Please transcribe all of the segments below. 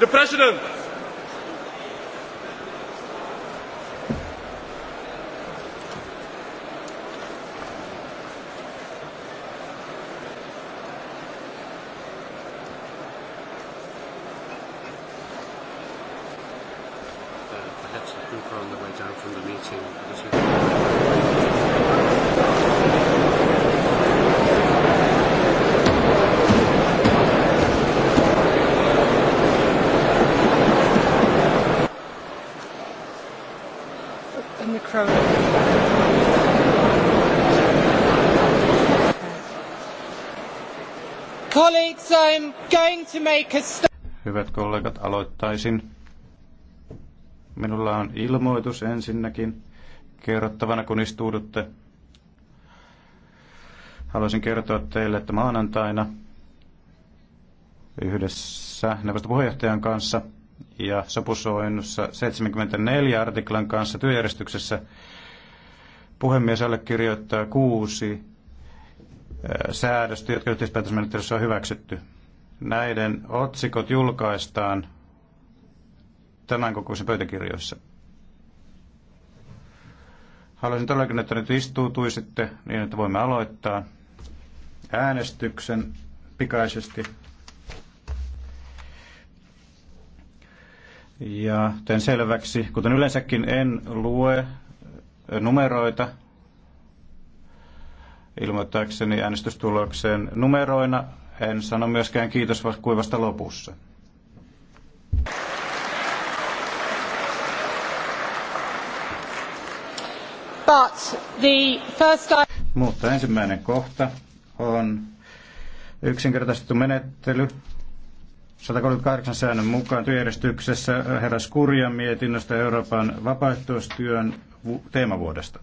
The President. Uh, perhaps people on the way down from the meeting. crowd. Colleagues, I'm going to make a Hyvät kollegat, aloittaisin. Minulla on ilmoitus ensinnäkin kerrottavana, kun istuudutte. Haluaisin kertoa teille, että maanantaina yhdessä neuvostopuheenjohtajan kanssa – ja sopusoinnussa 74 artiklan kanssa työjärjestyksessä puhemies allekirjoittaa kuusi säädöstä, jotka yhteispäätösmenettelyssä on hyväksytty. Näiden otsikot julkaistaan tämän kokoisen pöytäkirjoissa. Haluaisin todellakin, että nyt istuutuisitte niin, että voimme aloittaa äänestyksen pikaisesti. Ja teen selväksi, kuten yleensäkin en lue numeroita ilmoittaakseni äänestystuloksen numeroina. En sano myöskään kiitos kuivasta lopussa. But the first... Mutta ensimmäinen kohta on yksinkertaistettu menettely 138 säännön mukaan työjärjestyksessä heräs kurjan mietinnöstä Euroopan vapaaehtoistyön teemavuodesta.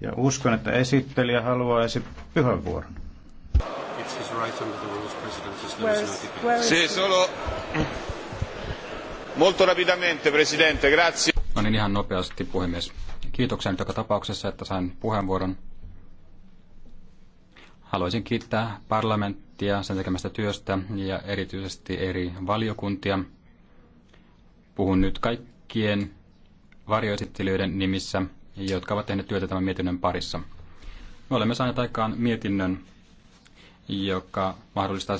Ja uskon, että esittelijä haluaisi puheenvuoron. pyhän no vuoron. molto rapidamente, Presidente, grazie. No niin, ihan nopeasti, puhemies. Kiitoksia nyt joka tapauksessa, että sain puheenvuoron. Haluaisin kiittää parlamenttia sen tekemästä työstä ja erityisesti eri valiokuntia. Puhun nyt kaikkien varjoesittelijöiden nimissä, jotka ovat tehneet työtä tämän mietinnön parissa. Me olemme saaneet aikaan mietinnön, joka mahdollistaa